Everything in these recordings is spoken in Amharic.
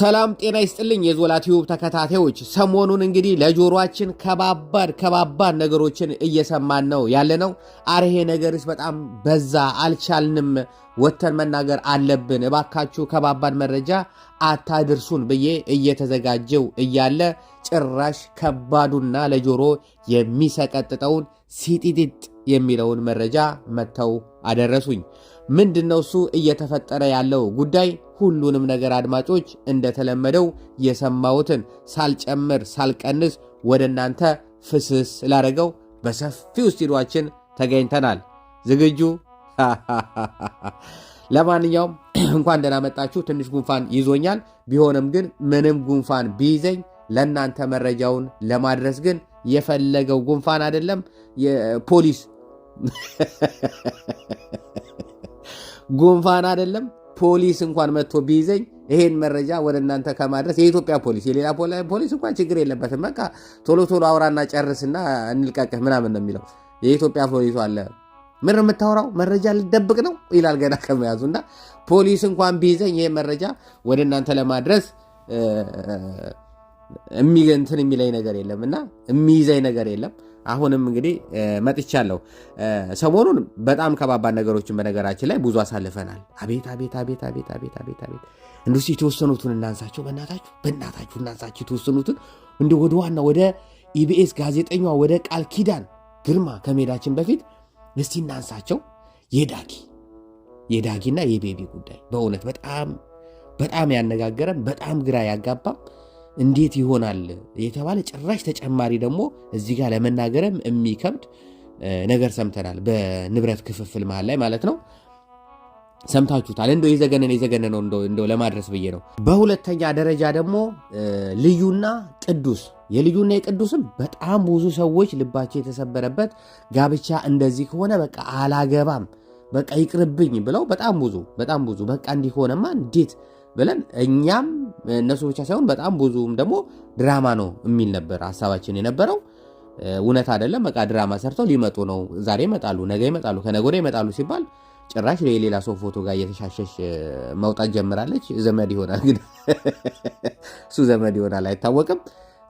ሰላም ጤና ይስጥልኝ የዞላ ቲዩብ ተከታታዮች፣ ሰሞኑን እንግዲህ ለጆሮአችን ከባባድ ከባባድ ነገሮችን እየሰማን ነው ያለ ነው። አርሄ ነገርስ በጣም በዛ፣ አልቻልንም፣ ወተን መናገር አለብን፣ እባካችሁ ከባባድ መረጃ አታድርሱን ብዬ እየተዘጋጀው እያለ ጭራሽ ከባዱና ለጆሮ የሚሰቀጥጠውን ሲጢጢጥ የሚለውን መረጃ መጥተው አደረሱኝ። ምንድን ነው እሱ እየተፈጠረ ያለው ጉዳይ? ሁሉንም ነገር አድማጮች እንደተለመደው የሰማሁትን ሳልጨምር ሳልቀንስ ወደ እናንተ ፍስስ ስላደርገው በሰፊው ስቱዲዮአችን ተገኝተናል። ዝግጁ? ለማንኛውም እንኳን ደህና መጣችሁ። ትንሽ ጉንፋን ይዞኛል። ቢሆንም ግን ምንም ጉንፋን ቢይዘኝ ለእናንተ መረጃውን ለማድረስ ግን የፈለገው ጉንፋን አይደለም ፖሊስ ጉንፋን አይደለም ፖሊስ እንኳን መጥቶ ቢይዘኝ ይሄን መረጃ ወደ እናንተ ከማድረስ የኢትዮጵያ ፖሊስ የሌላ ፖሊስ እንኳን ችግር የለበትም። በቃ ቶሎ ቶሎ አውራና ጨርስና እንልቀቅህ ምናምን ነው የሚለው። የኢትዮጵያ ፖሊሱ አለ ምን የምታወራው መረጃ ልደብቅ ነው ይላል ገና ከመያዙ እና ፖሊስ እንኳን ቢይዘኝ ይሄን መረጃ ወደ እናንተ ለማድረስ እንትን የሚለኝ ነገር የለም እና የሚይዘኝ ነገር የለም። አሁንም እንግዲህ መጥቻለሁ። ሰሞኑን በጣም ከባባድ ነገሮችን በነገራችን ላይ ብዙ አሳልፈናል። አቤት አቤት አቤት አቤት አቤት አቤት አቤት እንዲሁ የተወሰኑትን እናንሳቸው፣ በእናታችሁ በእናታችሁ እናንሳቸው የተወሰኑትን እንዲ ወደ ዋና ወደ ኢቢኤስ ጋዜጠኛ ወደ ቃል ኪዳን ግርማ ከመሄዳችን በፊት እስቲ እናንሳቸው የዳጊ የዳጊና የቤቢ ጉዳይ በእውነት በጣም በጣም ያነጋገረም በጣም ግራ ያጋባም እንዴት ይሆናል የተባለ ጭራሽ ተጨማሪ ደግሞ እዚህ ጋር ለመናገርም የሚከብድ ነገር ሰምተናል። በንብረት ክፍፍል መሀል ላይ ማለት ነው ሰምታችሁታል። እንደው የዘገነነ የዘገነነ ነው እንደው ለማድረስ ብዬ ነው። በሁለተኛ ደረጃ ደግሞ ልዩና ቅዱስ የልዩና የቅዱስም በጣም ብዙ ሰዎች ልባቸው የተሰበረበት ጋብቻ እንደዚህ ከሆነ በቃ አላገባም፣ በቃ ይቅርብኝ ብለው በጣም ብዙ በጣም ብዙ በቃ እንዲሆነማ እንዴት ብለን እኛም እነሱ ብቻ ሳይሆን በጣም ብዙም ደግሞ ድራማ ነው የሚል ነበር ሀሳባችን የነበረው። እውነት አይደለም። በቃ ድራማ ሰርተው ሊመጡ ነው፣ ዛሬ ይመጣሉ፣ ነገ ይመጣሉ፣ ከነገ ወዲያ ይመጣሉ ሲባል ጭራሽ የሌላ ሰው ፎቶ ጋር እየተሻሸሽ መውጣት ጀምራለች። ዘመድ ይሆናል እንግዲህ እሱ ዘመድ ይሆናል አይታወቅም።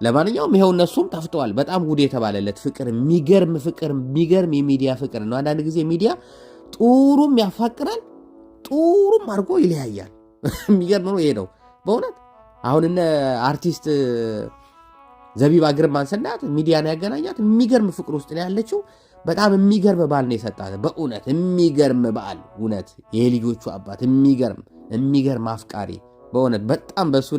ለማንኛውም ይኸው እነሱም ጠፍተዋል። በጣም ጉድ የተባለለት ፍቅር፣ የሚገርም ፍቅር፣ የሚገርም የሚዲያ ፍቅር ነው። አንዳንድ ጊዜ ሚዲያ ጥሩም ያፋቅራል፣ ጥሩም አድርጎ ይለያያል። የሚገርም ነው ይሄ ነው በእውነት አሁን እነ አርቲስት ዘቢባ ግርማን ስናያት ሚዲያን ያገናኛት የሚገርም ፍቅር ውስጥ ነው ያለችው። በጣም የሚገርም በዓል ነው የሰጣት በእውነት የሚገርም ባል እውነት የልጆቹ ልጆቹ አባት የሚገርም የሚገርም አፍቃሪ በእውነት በጣም በሱ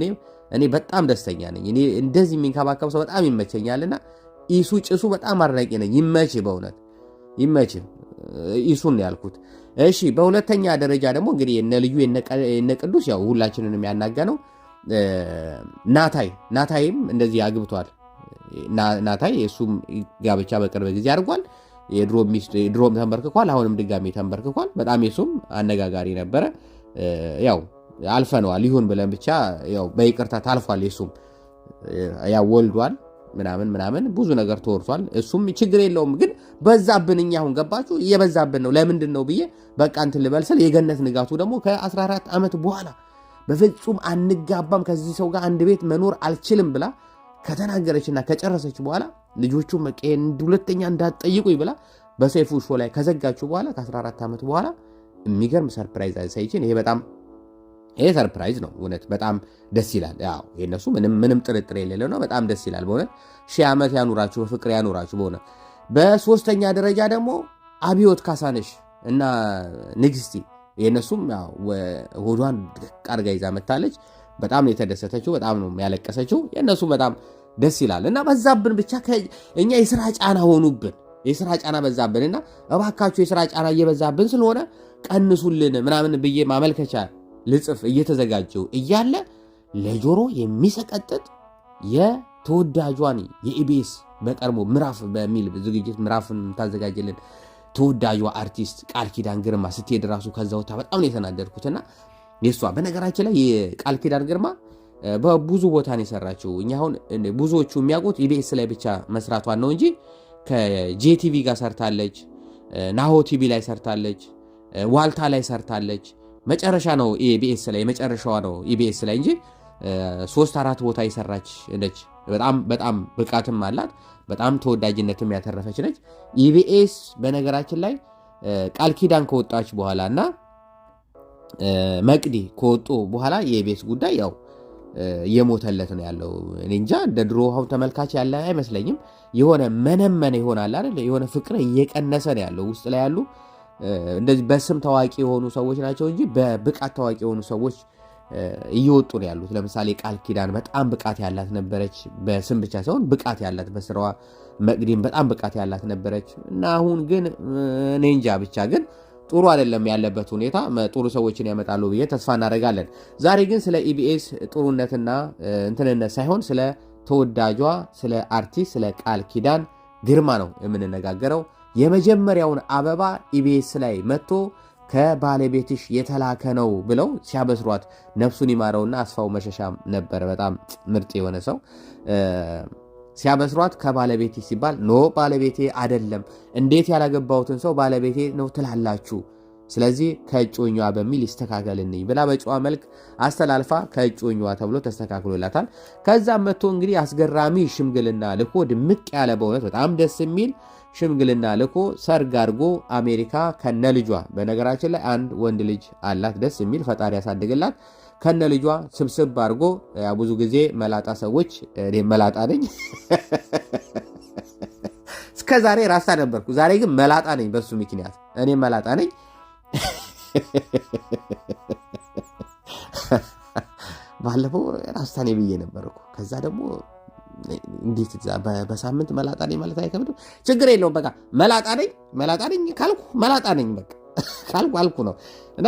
እኔ በጣም ደስተኛ ነኝ። እኔ እንደዚህ የሚንከባከብ ሰው በጣም ይመቸኛልና፣ ኢሱ ጭሱ በጣም አድናቂ ነኝ። ይመች በእውነት ይመች። ኢሱን ነው ያልኩት። እሺ በሁለተኛ ደረጃ ደግሞ እንግዲህ የነ ልዩ የነ ቅዱስ ያው ሁላችንን የሚያናጋ ነው። ናታይ ናታይም እንደዚህ አግብቷል። ናታይ እሱም ጋብቻ በቅርብ ጊዜ አድርጓል። ድሮም ተንበርክኳል፣ አሁንም ድጋሜ ተንበርክኳል። በጣም የሱም አነጋጋሪ ነበረ። ያው አልፈነዋል ይሁን ብለን ብቻ ያው በይቅርታ ታልፏል። የሱም ያው ወልዷል ምናምን ምናምን ብዙ ነገር ተወርቷል። እሱም ችግር የለውም ግን በዛብን። እኛ አሁን ገባችሁ የበዛብን ነው። ለምንድን ነው ብዬ በቃ እንትን ልበልስል። የገነት ንጋቱ ደግሞ ከ14 ዓመት በኋላ በፍጹም አንጋባም ከዚህ ሰው ጋር አንድ ቤት መኖር አልችልም ብላ ከተናገረችና ከጨረሰች በኋላ ልጆቹ ሁለተኛ እንዳትጠይቁኝ ብላ በሰይፉ ሾ ላይ ከዘጋችሁ በኋላ ከ14 ዓመት በኋላ የሚገርም ሰርፕራይዝ አሳይችን። ይሄ በጣም ይሄ ሰርፕራይዝ ነው። እውነት በጣም ደስ ይላል። ያው የእነሱ ምንም ጥርጥር የሌለው ነው። በጣም ደስ ይላል። በእውነት ሺህ ዓመት ያኑራችሁ፣ በፍቅር ያኑራችሁ። በእውነት በሶስተኛ ደረጃ ደግሞ አብዮት ካሳነሽ እና ንግስቲ የእነሱም ሆዷን ቃርጋ ይዛ መታለች። በጣም ነው የተደሰተችው። በጣም ነው ያለቀሰችው። የእነሱም በጣም ደስ ይላል እና በዛብን ብቻ እኛ የስራ ጫና ሆኑብን የስራ ጫና በዛብን እና እባካችሁ የስራ ጫና እየበዛብን ስለሆነ ቀንሱልን ምናምን ብዬ ማመልከቻ ልጽፍ እየተዘጋጀው እያለ ለጆሮ የሚሰቀጥጥ የተወዳጇን የኢቢኤስ በቀድሞ ምዕራፍ በሚል ዝግጅት ምዕራፍን የምታዘጋጅልን ተወዳጇ አርቲስት ቃል ኪዳን ግርማ ስትሄድ ራሱ ከዛ ወታ በጣም ነው የተናደድኩትና የእሷ በነገራችን ላይ የቃል ኪዳን ግርማ በብዙ ቦታ ነው የሰራችው። እኛ አሁን ብዙዎቹ የሚያውቁት ኢቢኤስ ላይ ብቻ መስራቷን ነው እንጂ ከጄቲቪ ጋር ሰርታለች፣ ናሆ ቲቪ ላይ ሰርታለች፣ ዋልታ ላይ ሰርታለች፣ መጨረሻ ነው ኢቢኤስ ላይ የመጨረሻዋ ነው ኢቢኤስ e ላይ እንጂ ሶስት አራት ቦታ የሰራች ነች። በጣም በጣም ብቃትም አላት። በጣም ተወዳጅነትም ያተረፈች ነች። ኢቢኤስ e በነገራችን ላይ ቃል ኪዳን ከወጣች በኋላ እና መቅዲ ከወጡ በኋላ የኢቢኤስ ጉዳይ ያው እየሞተለት ነው ያለው። እኔ እንጃ እንደ ድሮ አሁን ተመልካች ያለ አይመስለኝም። የሆነ መነመነ ይሆናል አይደል? የሆነ ፍቅር እየቀነሰ ነው ያለው ውስጥ ላይ ያሉ እንደዚህ በስም ታዋቂ የሆኑ ሰዎች ናቸው እንጂ በብቃት ታዋቂ የሆኑ ሰዎች እየወጡ ነው ያሉት። ለምሳሌ ቃል ኪዳን በጣም ብቃት ያላት ነበረች፣ በስም ብቻ ሳይሆን ብቃት ያላት በስራዋ። መቅዲም በጣም ብቃት ያላት ነበረች እና አሁን ግን እኔ እንጃ ብቻ ግን ጥሩ አይደለም ያለበት ሁኔታ። ጥሩ ሰዎችን ያመጣሉ ብዬ ተስፋ እናደርጋለን። ዛሬ ግን ስለ ኢቢኤስ ጥሩነትና እንትንነት ሳይሆን ስለ ተወዳጇ ስለ አርቲስት ስለ ቃል ኪዳን ግርማ ነው የምንነጋገረው። የመጀመሪያውን አበባ ኢቢኤስ ላይ መጥቶ ከባለቤትሽ የተላከ ነው ብለው ሲያበስሯት ነፍሱን ይማረውና አስፋው መሸሻም ነበረ በጣም ምርጥ የሆነ ሰው ሲያበስሯት ከባለቤቴ ሲባል ኖ ባለቤቴ አይደለም፣ እንዴት ያላገባሁትን ሰው ባለቤቴ ነው ትላላችሁ? ስለዚህ ከእጮኛዋ በሚል ይስተካከልንኝ ብላ በጨዋ መልክ አስተላልፋ ከእጮኛዋ ተብሎ ተስተካክሎላታል። ከዛም መጥቶ እንግዲህ አስገራሚ ሽምግልና ልኮ ድምቅ ያለ በእውነት በጣም ደስ የሚል ሽምግልና ልኮ ሰርግ አድርጎ አሜሪካ ከነ ልጇ በነገራችን ላይ አንድ ወንድ ልጅ አላት። ደስ የሚል ፈጣሪ ያሳድግላት። ከነ ልጇ ስብስብ አድርጎ ብዙ ጊዜ መላጣ ሰዎች እኔ መላጣ ነኝ እስከ ዛሬ ራሳ ነበርኩ። ዛሬ ግን መላጣ ነኝ። በሱ ምክንያት እኔ መላጣ ነኝ። ባለፈው ራስታኔ ብዬ ነበርኩ። ከዛ ደግሞ እንዴት በሳምንት መላጣ ነኝ ማለት አይከብድም። ችግር የለውም። በቃ መላጣ ነኝ መላጣ ነኝ ካልኩ መላጣ ነኝ በቃ ካልኩ አልኩ ነው እና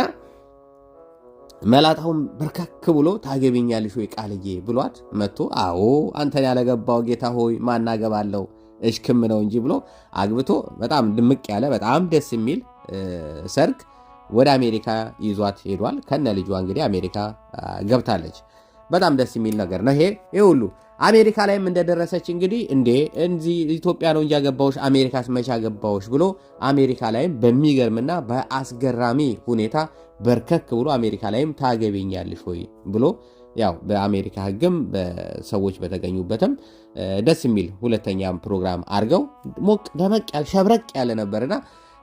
መላጣውን በርካክ ብሎ ታገቢኛለሽ ወይ ቃልዬ ብሏት መጥቶ አዎ አንተን ያለገባው ጌታ ሆይ ማናገባለው እሽክም ነው እንጂ ብሎ አግብቶ በጣም ድምቅ ያለ በጣም ደስ የሚል ሰርግ ወደ አሜሪካ ይዟት ሄዷል። ከነ ልጇ እንግዲህ አሜሪካ ገብታለች። በጣም ደስ የሚል ነገር ነው ይሄ ሁሉ አሜሪካ ላይም እንደደረሰች እንግዲህ እንዴ እዚህ ኢትዮጵያ ነው እንጂ ያገባዎች አሜሪካስ መቻ ገባዎች ብሎ አሜሪካ ላይም በሚገርምና በአስገራሚ ሁኔታ በርከክ ብሎ አሜሪካ ላይም ታገቢኛለሽ ወይ ብሎ ያው በአሜሪካ ሕግም ሰዎች በተገኙበትም ደስ የሚል ሁለተኛ ፕሮግራም አድርገው ሞቅ ደመቅ ያለ ሸብረቅ ያለ ነበርና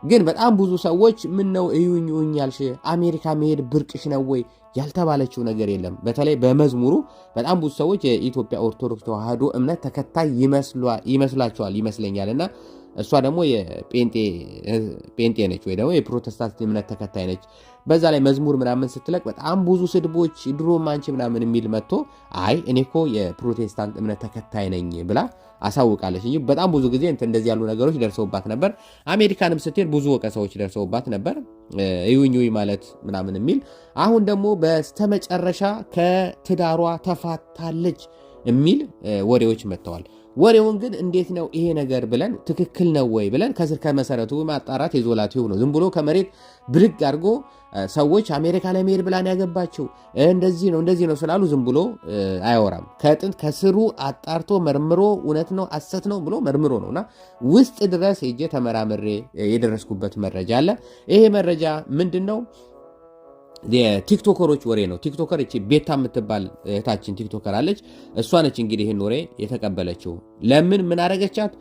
ግን በጣም ብዙ ሰዎች ምን ነው እዩኝ እዩኝ ያልሽ አሜሪካ መሄድ ብርቅሽ ነው ወይ ያልተባለችው ነገር የለም። በተለይ በመዝሙሩ በጣም ብዙ ሰዎች የኢትዮጵያ ኦርቶዶክስ ተዋህዶ እምነት ተከታይ ይመስላቸዋል ይመስለኛል እና እሷ ደግሞ ጴንጤ ነች ወይ ደግሞ የፕሮቴስታንት እምነት ተከታይ ነች። በዛ ላይ መዝሙር ምናምን ስትለቅ በጣም ብዙ ስድቦች፣ ድሮ አንቺ ምናምን የሚል መጥቶ አይ እኔ እኮ የፕሮቴስታንት እምነት ተከታይ ነኝ ብላ አሳውቃለች እንጂ በጣም ብዙ ጊዜ እንደዚህ ያሉ ነገሮች ደርሰውባት ነበር። አሜሪካንም ስትሄድ ብዙ ወቀሳዎች ደርሰውባት ነበር። እዩኝ ማለት ምናምን የሚል አሁን ደግሞ በስተመጨረሻ ከትዳሯ ተፋታለች የሚል ወሬዎች መጥተዋል። ወሬውን ግን እንዴት ነው ይሄ ነገር ብለን ትክክል ነው ወይ ብለን ከስር ከመሰረቱ ማጣራት የዞላቲው ነው። ዝም ብሎ ከመሬት ብድግ አድርጎ ሰዎች አሜሪካ ለመሄድ ብላን ያገባቸው እንደዚህ ነው እንደዚህ ነው ስላሉ ዝም ብሎ አያወራም። ከጥንት ከስሩ አጣርቶ መርምሮ እውነት ነው አሰት ነው ብሎ መርምሮ እና ውስጥ ድረስ ሄጄ ተመራምሬ የደረስኩበት መረጃ አለ። ይሄ መረጃ ምንድን ነው? የቲክቶከሮች ወሬ ነው። ቲክቶከር እቺ ቤታ የምትባል እህታችን ቲክቶከር አለች። እሷ ነች እንግዲህ ይህን ወሬ የተቀበለችው። ለምን ምን አረገቻት?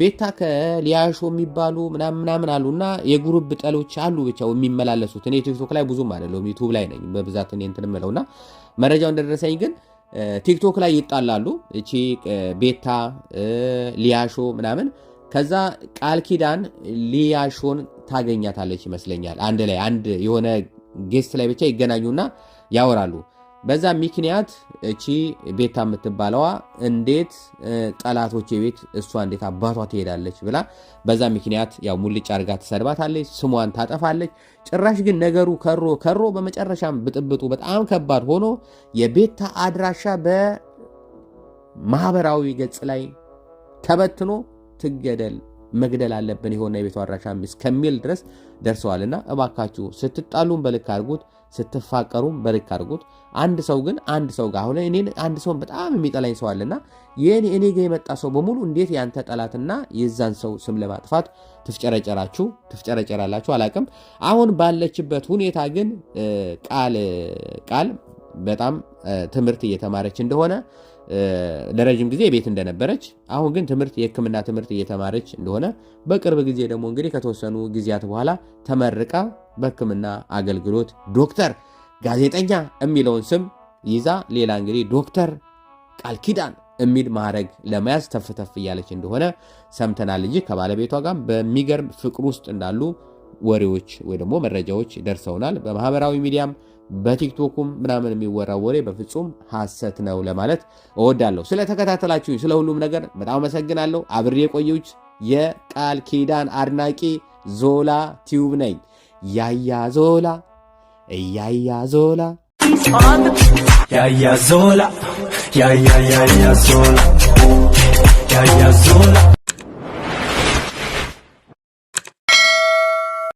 ቤታ ከሊያሾ የሚባሉ ምናምን አሉ እና የጉርብ ጠሎች አሉ ብቻ የሚመላለሱት። እኔ ቲክቶክ ላይ ብዙም አይደለሁም ዩቱብ ላይ ነኝ በብዛት እኔ እንትን የምለው እና መረጃው እንደደረሰኝ ግን ቲክቶክ ላይ ይጣላሉ። እቺ ቤታ ሊያሾ ምናምን ከዛ ቃል ኪዳን ሊያሾን ታገኛታለች ይመስለኛል። አንድ ላይ አንድ የሆነ ጌስት ላይ ብቻ ይገናኙና ያወራሉ። በዛ ምክንያት እቺ ቤታ የምትባለዋ እንዴት ጠላቶች ቤት እሷ እንዴት አባቷ ትሄዳለች ብላ በዛ ምክንያት ያው ሙልጭ አርጋ ትሰድባታለች፣ ስሟን ታጠፋለች። ጭራሽ ግን ነገሩ ከሮ ከሮ በመጨረሻም ብጥብጡ በጣም ከባድ ሆኖ የቤታ አድራሻ በማህበራዊ ገጽ ላይ ተበትኖ ትገደል መግደል አለብን የሆነ የቤቱ አድራሻም እስከሚል ድረስ ደርሰዋልና እባካችሁ ስትጣሉም በልክ አድርጉት፣ ስትፋቀሩም በልክ አድርጉት። አንድ ሰው ግን አንድ ሰው ጋር አሁን እኔ አንድ ሰውን በጣም የሚጠላኝ ሰው አለና እኔ ጋ የመጣ ሰው በሙሉ እንዴት ያንተ ጠላትና የዛን ሰው ስም ለማጥፋት ትፍጨረጨራችሁ ትፍጨረጨራላችሁ? አላቅም። አሁን ባለችበት ሁኔታ ግን ቃል ቃል በጣም ትምህርት እየተማረች እንደሆነ ለረዥም ጊዜ ቤት እንደነበረች አሁን ግን ትምህርት የህክምና ትምህርት እየተማረች እንደሆነ በቅርብ ጊዜ ደግሞ እንግዲህ ከተወሰኑ ጊዜያት በኋላ ተመርቃ በህክምና አገልግሎት ዶክተር ጋዜጠኛ የሚለውን ስም ይዛ ሌላ እንግዲህ ዶክተር ቃል ኪዳን የሚል ማዕረግ ለመያዝ ተፍተፍ እያለች እንደሆነ ሰምተናል። ልጅ ከባለቤቷ ጋር በሚገርም ፍቅር ውስጥ እንዳሉ ወሬዎች ወይ ደግሞ መረጃዎች ደርሰውናል። በማህበራዊ ሚዲያም በቲክቶኩም ምናምን የሚወራው ወሬ በፍጹም ሐሰት ነው ለማለት እወዳለሁ። ስለተከታተላችሁ ስለ ሁሉም ነገር በጣም አመሰግናለሁ። አብሬ የቆየች የቃል ኪዳን አድናቂ ዞላ ቲዩብ ነኝ። ያያ ዞላ እያያ ዞላ ያያ ዞላ ያያ ያያ ዞላ ያያ ዞላ